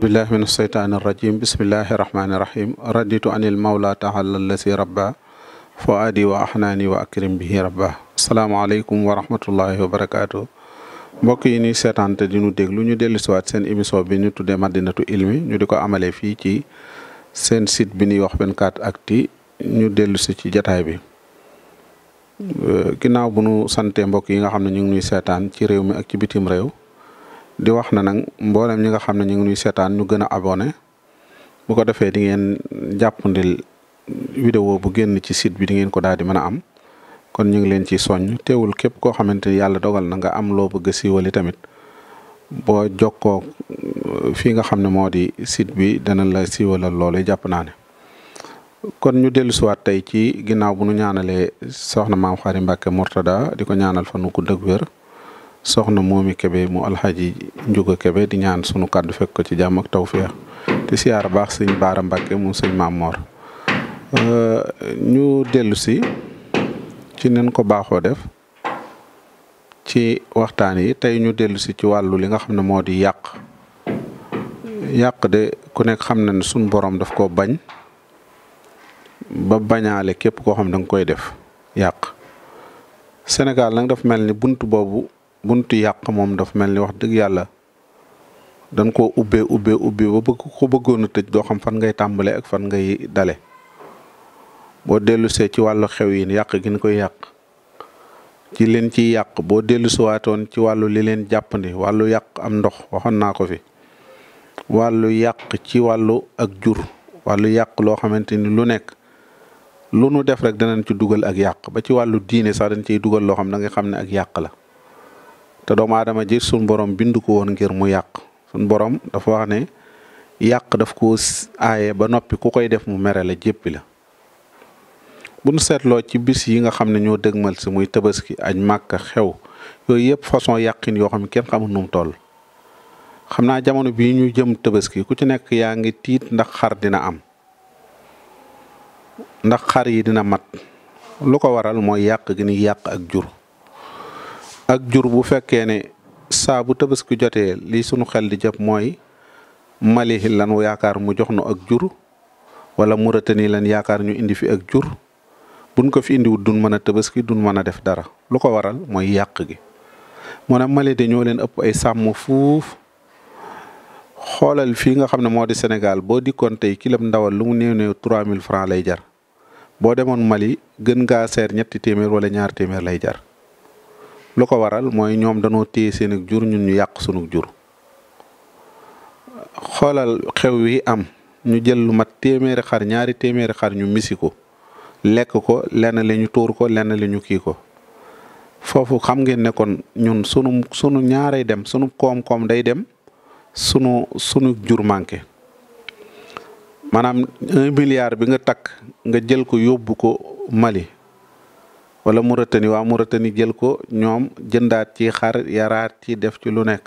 billahi min alseytaani irrajim bismillahi irrahmaani irrahim raditu anil mawla taala allasi wa ahnaani wa akrim bihi rabba asalaamaaleykum wa rahmatullahi wa barakaatu mbokk yi ni seetaante di ñu déglu ñu dellu siwaat seen émission bi ñu tuddee madinatu ilmi ñu di ko amalee fii ci seen site bi ñuy wax 24actu ñu dellu ci jataay bi Euh, ginnaaw bu nu santee mbokk yi nga xam ne ñu ngi nuy seetaan ci réew mi ak ci bitim réew di wax na nag mboolem ñi nga xam ne ñu ngi nuy seetaan ñu gën a abonné bu ko defee di ngeen jàppandil vidéo bu génn ci site bi di ngeen ko daal di mën a am kon ñu ngi leen ci soññ teewul képp koo xamante ni yàlla dogal na nga am loo bëgg a siiwali tamit boo jokkoo euh, fii nga xam ne moo di site bi dana la siiwalal loolu jàpp naa ne kon ñu dellu siwaat tey ci ginnaaw bu nu ñaanalee soxna maam Xaari Mbàkke Murtada di ko ñaanal fan wu gudd ak soxna moomi Kebe mu alxaaji Njuga Kebe di ñaan sunu kàddu fekk ko ci jàmm ak tawféex te siyaar baax sëñ Baara Mbàkke mu sëñ maam Mor ñu dellu si ci nen ko baaxoo def ci waxtaan yi tey ñu dellusi ci wàllu li nga xam ne moo di yàq yàq de ku nekk xam na ne sunu borom daf ko bañ. ba bañaale képp koo xam da nga koy def yàq senegal nag daf mel ni bunt boobu buntu yàq moom daf mel ni wax dëgg yàlla dañ ko ubbee ubbee ubbee ba bëgg ko bëggoon tëj doo xam fan ngay tàmbalee ak fan ngay dale boo dellusee ci wàllu xew yin yàq gi ñu koy yàq ci leen ciy yàq boo waatoon ci wàllu li leen jàppandi wàllu yàq am ndox waxoon naa ko fi wàllu yàq ci wàllu ak jur wàllu yàq loo xamante lu nekk lu nu def rek danañ ci dugal ak yàq ba ci wàllu diine sax dañ ciy dugal loo xam da nga xam ne ak yàq la te doomu aadama ji suñ boroom bindu ko woon ngir mu yàq suñ boroom dafa wax ne yàq daf ko aaye ba noppi ku koy def mu mere la jéppi la bu nu seetloo ci bis yi nga xam ne ñoo dëgmal si muy tabaski aj màkk xew yooyu yëpp façon yàqin yoo xam ne kenn xamul nu tool xam naa jamono bii ñu jëm tabaski ku ci nekk yaa ngi tiit ndax xar dina am ndax xar yi dina mat lu ko waral mooy yàq gi ni yàq ak jur ak jur bu fekkee ne saa bu tabaski jotee li sunu xel di jëpp mooy malihi lan yaakaar mu jox nu ak jur wala muratani lan yaakaar ñu indi fi ak jur buñ ko fi indiwut duñ mën a tabaski duñ mën a def dara lu ko waral mooy yàq gi mu ne Mali de ñoo leen ëpp ay sàmm fuuf xoolal fii nga xam ne moo di Sénégal boo dikkoon tey kilam ndawal lu mu néew néew trois mille francs lay jar boo demoon Mali gën ngaa seer ñetti téeméer walla ñaar téeméer lay jar lu ko waral mooy ñoom danoo téye seen ak jur ñun ñu yàq sunu jur xoolal xew wi am ñu jël lu mat téeméeri xar ñaari téeméeri xar ñu misi ko lekk ko lenn la ñu tuur ko lenn la ñu kii ko foofu xam ngeen nekkoon ñun sunu sunu ñaaray dem sunu koom-koom day dem sunu sunu jur manqué. maanaam un milliard bi nga takk nga jël ko yóbbu ko Mali wala Mauritanie waa Mauritanie jël ko ñoom jëndaat ci xar yaraat ci def ci lu nekk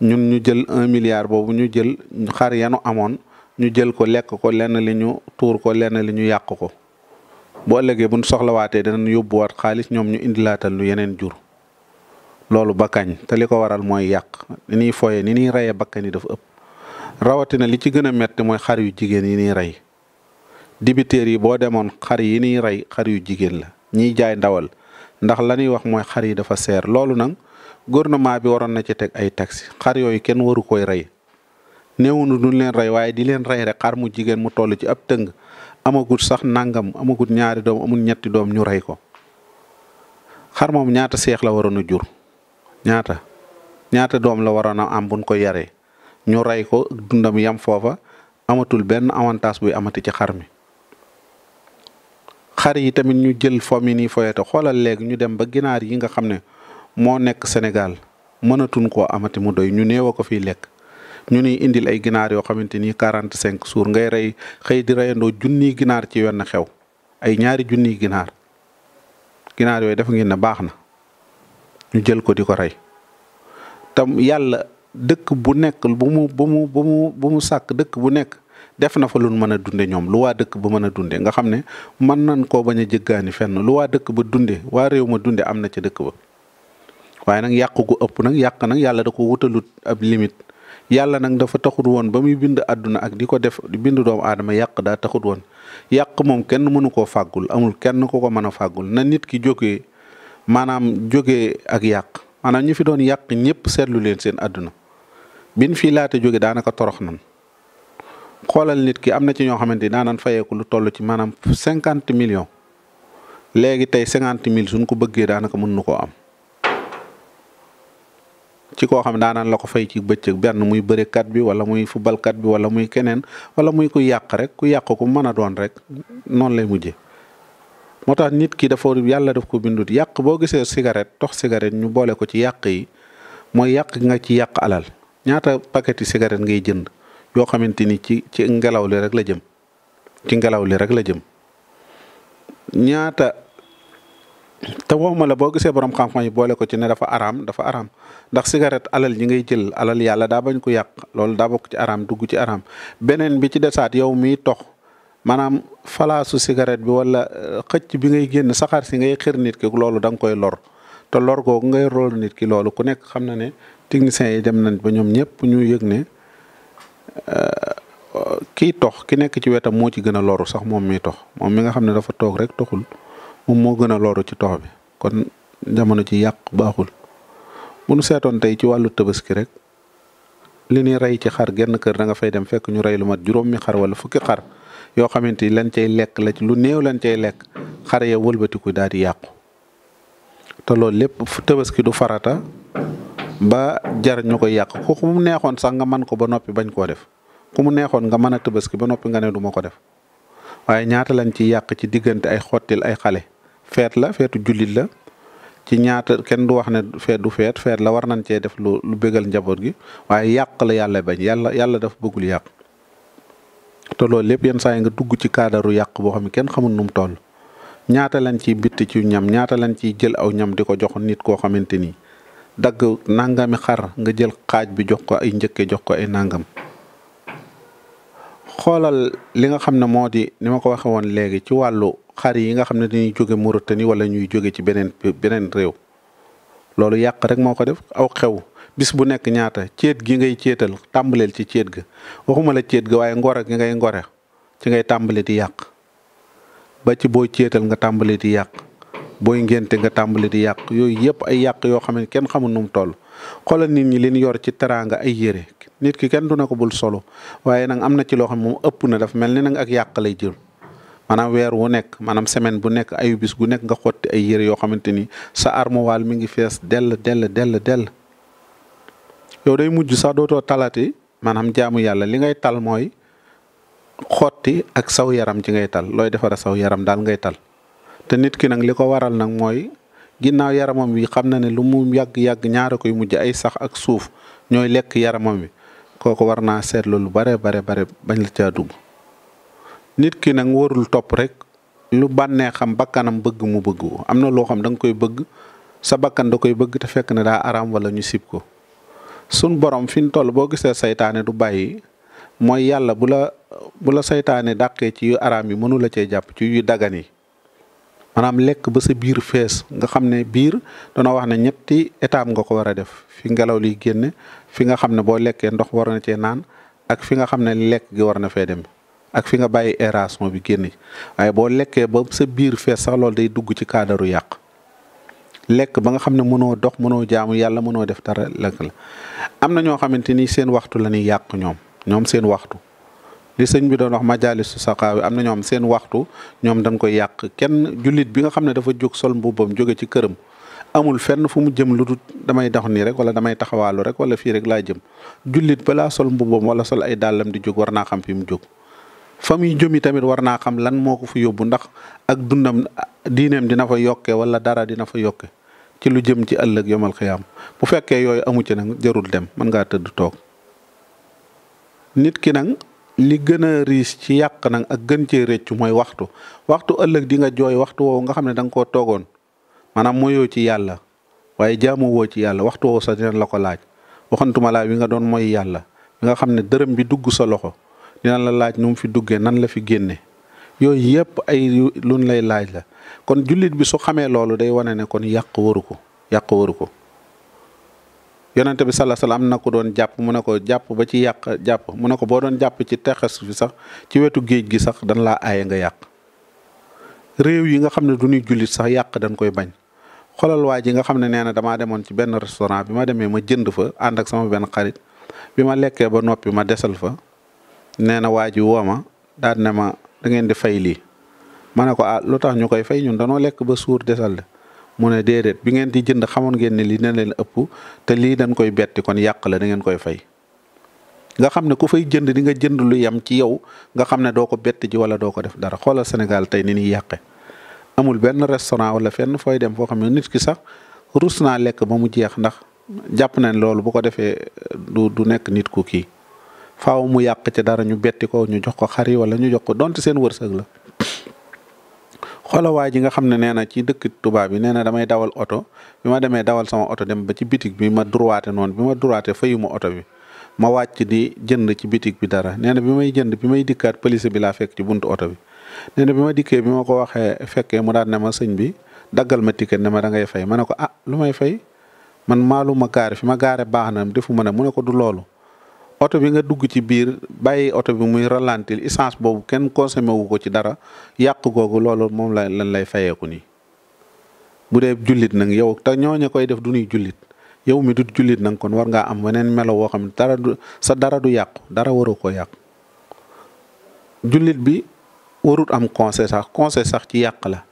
ñun ñu jël un milliard boobu ñu jël xar yanu amoon ñu jël ko lekk ko lenn li ñu tuur ko lenn li ñu yàq ko boo ëllëgee buñ soxlawaatee danañ yóbbuwaat xaalis ñoom ñu indilaatal lu yeneen jur loolu bakkañ te li ko waral mooy yàq ni ñuy foyee ni ñuy reyee bakkan yi dafa ëpp rawatina li ci gën a métti mooy xar yu jigéen yi nii rey dibiteer yi boo demoon xar yi ñuy rey xar yu jigéen la ñiy jaay ndawal ndax la wax mooy xar yi dafa seer loolu nag gouvernement bi waroon na ci teg ay taxes xar yooyu kenn waru koy rey néewunu duñ leen rey waaye di leen rey rek xar mu jigéen mu toll ci ab tëng amagut sax nangam amagut ñaari doom amul ñetti doom ñu rey ko xar moom ñaata seex la waroon a jur ñaata ñaata doom la waroon a am buñ ko yaree ñu rey ko dundam yam foofa amatul benn avantage buy amati ci xar mi xar yi tamit ñu jël fomi nii foyete xoolal léegi ñu dem ba ginaar yi nga xam ne moo nekk senegal mënatuñ koo amati mu doy ñu néew ko fiy lekk ñu ni indil ay ginaar yoo xamante ni quarante cinq suur ngay rey xëy di reyandoo junni ginaar ci wenn xew ay ñaari junniy ginaar ginaar yooy def ngeen ne baax na ñu jël ko di ko rey tam yàlla dëkk bu nekk bu mu bu mu bu mu bu mu sàkk dëkk bu nekk def na fa lu mën a dunde ñoom lu waa dëkk ba mën a dunde nga xam ne mën nañ koo bañ a jëggaani fenn lu waa dëkk ba dunde waa réew ma dunde am na ca dëkk ba waaye nag yàq gu ëpp nag yàq nag yàlla da ko wutalut ab limite yàlla nag dafa taxut woon ba muy bind àdduna ak di ko def di bind doomu aadama yàq daa taxut woon yàq moom kenn mënu koo fàggul amul kenn ku ko mën a fàggul na nit ki jógee maanaam jóge ak yàq maanaam ñu fi doon yàq ñëpp seetlu leen seen àdduna bin fii laata jóge daanaka torox nan xoolal nit ki am na ci ñoo xamante ni daanan fayeeku lu tollu ci maanaam cinquante million léegi tey cinquante mille suñ ko bëggee daanaka mën na koo am ci koo xam ne daanaan la ko fay ci bëccëg benn muy bërekat bi wala muy fubalkat bi wala muy keneen wala muy ku yàq rek ku yàq ku mën a doon rek noonu lay mujje moo tax nit ki dafa yàlla def ko bindut yàq boo gisee cigarette tox cigarette ñu boole ko ci yàq yi mooy yàq nga ci yàq alal ñaata paquet yi cigarette ngay jënd yoo xamante ni ci ci ngelaw li rek la jëm ci ngelaw li rek la jëm ñaata te waxuma la boo gisee borom xam-xam yi boole ko ci ne dafa araam dafa aram ndax cigarette alal ñi ngay jël alal yàlla daa bañ ko yàq loolu daa bokk ci araam dugg ci aram beneen bi ci desaat yow miy tox maanaam falaasu cigarette bi wala euh, xëcc bi ngay génn saxaar si ngay xër nit ki loolu da nga koy lor te lor googu ngay rol ki loolu ku nekk xam na ne techniciens yi dem nañ ba ñoom ñëpp ñu yëg ne euh, kiy tox ki nekk ci wetam moo ci gën a loru sax moom miy tox moom mi nga xam ne dafa toog rek toxul moom moo gën a loru ci tox bi kon jamono ci yàq baaxul bu nu seetoon tey ci wàllu tabaski rek li nuy rey ci xar genn kër danga nga fay dem fekk ñu rey lu mat juróomi xar wala fukki xar yoo xamante ni lañ cay lekk la lu néew lañ cay lekk xar ya wëlbatiku daal di yàqu te lépp tabaski du farata ba jar ñu koy yàq ku mu neexoon sax nga man ko ba noppi bañ koo def ku mu neexoon nga mën a tëbaski ba noppi nga ne duma ko def waaye ñaata lañ ci yàq ci diggante ay xottil ay xale feet la feetu jullit la ci ñaata kenn du wax ne feet du feet feet la war nañ cee def lu lu bégal njaboot gi waaye yàq la yàlla bañ yàlla yàlla dafa bëggul yàq te loolu lépp yenn saa yi nga dugg ci kaadaru yàq boo xam ne kenn xamul nu mu toll ñaata lañ ciy bitt ci ñam ñaata lañ ciy jël aw ñam di ko jox nit koo xamante ni dagg nangami xar nga jël xaaj bi jox ko ay njëkke jox ko ay nangam xoolal li nga xam ne moo di ni ma ko waxee woon léegi ci wàllu xar yi nga xam ne dañuy jóge Mauritanie wala ñuy jóge ci beneen beneen réew loolu yàq rek moo ko def aw xew bis bu nekk ñaata ceet gi ngay ceetal tàmbaleel ci ceet ga waxuma la ceet ga waaye ngoro gi ngay ngore ci ngay tàmbale di yàq ba ci boo ceetal nga tàmbale di yàq booy ngénte nga tàmbali di yàq yooyu yëpp ay yàq yoo xam ne kenn xamul nu mu toll nit ñi leen yor ci teraanga ay yére nit ki kenn du na ko bul solo waaye nag am na ci loo xam ne moom ëpp na dafa mel ni nag ak yàq lay jël maanaam weer wu nekk maanaam semaine bu nekk ayu bis gu nekk nga xotti ay yére yoo xamante ni sa armoire mi ngi fees dell dell dell dell. yow day mujj sax dootoo talati maanaam jaamu yàlla li ngay tal mooy xotti ak saw yaram ci ngay tal looy defara saw yaram daal ngay tal. te nit ki nag li ko waral nag mooy ginnaaw yaramam wi xam na ne lu mu yàgg-yàgg ñaara koy mujj ay sax ak suuf ñooy lekk yaramam wi kooko war naa seetlu lu bare bare bare bañ la caa dugg nit ki nag warul topp rek lu bànnee xam bakkanam bëgg mu bëgg am na loo xam da nga koy bëgg sa bakkan da koy bëgg te fekk ne daa araam wala ñu sib ko sun borom fi ñu toll boo gisee saytaane du bàyyi mooy yàlla bu la bu la dàqee ci araam yi mënula cee jàpp ci yu dagan yi maanaam lekk ba sa biir fees nga xam ne biir dana wax ne ñetti étape nga ko war a def fi ngelaw liy génne fi nga xam ne boo lekkee ndox war na cee naan ak fi nga xam ne lekk gi war na fee dem ak fi nga bàyyi aération bi génne waaye boo lekkee ba sa biir fees sax lool day dugg ci kaadaru yàq lekk ba nga xam ne mënoo dox mënoo jaamu yàlla mënoo def dara lekk la am na ñoo xamante ni seen waxtu la ñuy yàq ñoom ñoom seen waxtu li sëñ bi doon wax majaalisu saqaawi am na ñoom seen waxtu ñoom dañ koy yàq kenn jullit bi nga xam ne dafa jóg sol mbubbam jóge ci këram amul fenn fu mu jëm lu dul damay dox nii rek wala damay taxawaalu rek wala fii rek laa jëm jullit balaa sol mbubbam wala sol ay dàllam di jóg war naa xam fi mu jóg fa muy jëmi tamit war naa xam lan moo ko fi yóbbu ndax ak dundam diineem dina fa yokke wala dara dina fa yokke ci lu jëm ci ëllëg yomal xiyaam bu fekkee yooyu amu ci nag jarul dem mën ngaa tëdd toog nit ki nag li gën a riis ci yàq nag ak gën cee rëccu mooy waxtu waxtu ëllëg di nga jooy waxtu woowu nga xam ne da nga koo toogoon maanaam moyoo ci yàlla waaye jaamu woo ci yàlla waxtu woowu sax dinañ la ko laaj waxantuma laa wi nga doon mooy yàlla bi nga xam ne dërëm bi dugg sa loxo dinañ la laaj nu mu fi duggee nan la fi génne yooyu yëpp ay luñ lay laaj la kon jullit bi su xamee loolu day wane ne kon yàq waru ko yàq waru ko yonente bi sala sala am na ko doon jàpp mu ne ko jàpp ba ci yàq jàpp mu ne ko boo doon jàpp ci texas bi sax ci wetu géej gi sax dañ laa aaye nga yàq réew yi nga xam ne du ñuy jullit sax yàq dañ koy bañ xoolal waa ji nga xam ne nee na damaa demoon ci benn restaurant bi ma demee ma jënd fa ànd ak sama benn xarit bi ma lekkee ba noppi ma desal fa nee na waa ji woo ma daan ne ma da ngeen di fay lii ma ne ko ah lu tax ñu koy fay ñun danoo lekk ba suur desal mu ne déedéet bi ngeen di jënd xamoon ngeen ne lii dina leen ëpp te lii dañ koy betti kon yàq la da ngeen koy fay nga xam ne ku fay jënd di nga jënd lu yem ci yow nga xam ne doo ko betti ji wala doo ko def dara xoolal Sénégal tey ni ñuy yàqe amul benn restaurant wala fenn fooy dem foo xam ne nit ki sax rus naa lekk ba mu jeex ndax jàpp nañ loolu bu ko defee du nekk nit ku kii faaw mu yàq ca dara ñu betti ko ñu jox ko xar yi wala ñu jox ko donte seen wërsëg la. xoola waa ji nga xam ne nee na ci dëkk tubaab bi neena damay dawal oto bi ma demee dawal sama oto dem ba ci bitig bi ma droite noonu bi ma droite fayu ma oto bi ma wàcc di jënd ci bitig bi dara nee na bi may jënd bi may dikkaat police bi laa fekk ci buntu oto bi nee bi ma dikkee bi ma ko waxee fekkee mu daan ne ma sëñ bi daggal ma ticket ne ma dangay ngay fay ma ne ko ah lu may fay man maaluma ma gaare fi ma gaare baax na defu ma ne mu ne ko du loolu oto bi nga dugg ci biir bàyyi oto bi muy ralentil essence boobu kenn consommé wu ko ci dara yàq googu loolu moom la lan lay fayeeku nii bu dee julit nag yow te ñooñu koy def du ni julit yow mi du julit nag kon war ngaa am weneen melo woo xam ne dara du sa dara du yàqu dara waru ko yàq julit bi warut am conseil sax conseil sax ci yàq la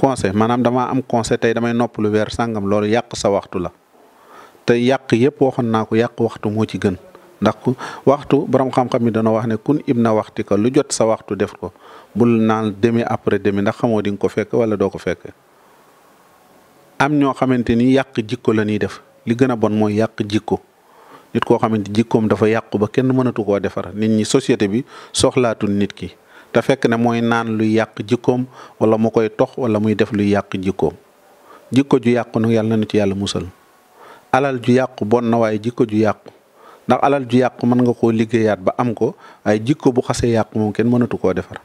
conseil maanaam damaa am conseil tey damay nopp lu weer sàngam loolu yàq sa waxtu la te yàq yëpp waxoon naa ko yàq waxtu moo ci gën ndax waxtu borom xam-xam yi dana wax ne kun na waxti ka lu jot sa waxtu def ko bul naan demi après demi ndax xamoo di nga ko fekk wala doo ko fekk. am ñoo xamante ni yàq jikko la ñuy def li gën a bon mooy yàq jikko nit koo xamante jikkoom dafa yàqu ba kenn mënatu koo defar nit ñi société bi soxlaatul nit ki te fekk ne mooy naan luy yàq jikkoom wala mu koy tox wala muy def luy yàq jikkoom jikko ju yàqu nag yàlla na ci yàlla musal. alal ju yàqu bon na waaye jikko ju yàqu ndax alal ju yàqu mën nga koo liggéeyaat ba am ko waaye jikko bu xasee yàqu moom kenn mënatu koo defar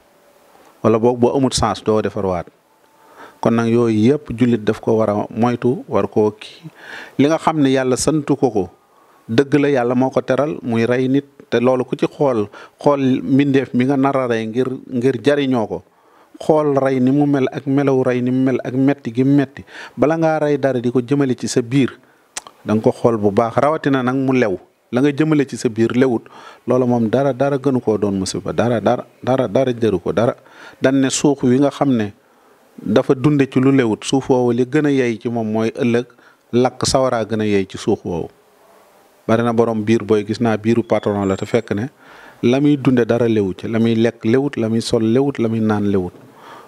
wala boog boo amut sens doo defar waat kon nag yooyu yëpp jullit daf ko war a moytu war koo kii li nga xam ne yàlla santu ko ko dëgg la yàlla moo ko teral muy rey nit te loolu ku ci xool xool mbindeef mi nga nar rey ngir ngir jariñoo ko xool rey ni mu mel ak melaw rey ni mu mel ak metti gi metti bala ngaa ci sa biir da ko xool bu baax rawatina nag mu lew la nga jëmale ci sa biir lewut loolu moom dara dara gënu koo doon musiba dara dara dara dara jëru ko dara dan ne suuf wi nga xam ne dafa dunde ci lu lewut suuf woowu li gën a yey ci moom mooy ëllëg lakk sawaraa gën a yey ci suuf woowu bari na borom biir booy gis naa biiru patron la te fekk ne la muy dunde dara lewu ci la muy lekk lewut la muy sol lewut la muy naan lewut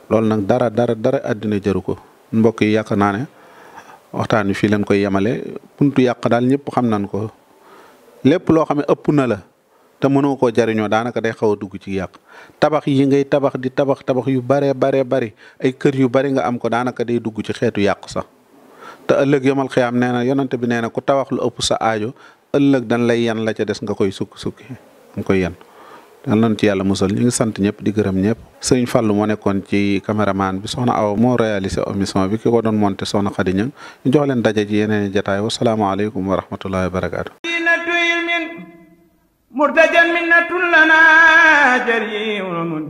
loolu nag dara dara dara àddina jaru ko mbokk yi yaakaar naa ne waxtaan wi fii lañ koy yemale buntu yàq daal ñëpp xam nañ ko lépp loo xam ne ëpp na la te mënoo koo jariñoo daanaka day xaw a dugg ci yàq tabax yi ngay tabax di tabax tabax yu baree baree bari ay kër yu bari nga am ko daanaka day dugg ci xeetu yàq sax te ëllëg yomal xiyaam nee na yonante bi nee na ku tabax lu ëpp sa aajo ëllëg dan lay yan la ca des nga koy sukk sukki nga koy yan dal nañ ci yàlla musal ñu ngi sant ñëpp di gërëm ñëpp sëriñ Fallou moo ci caméraman bi soxna Awa moo réalisé émission bi ki ko doon monté soxna Khady Niang ñu jox leen ci yeneen i jotaay wasalaamaaleykum wa wa barakaatu.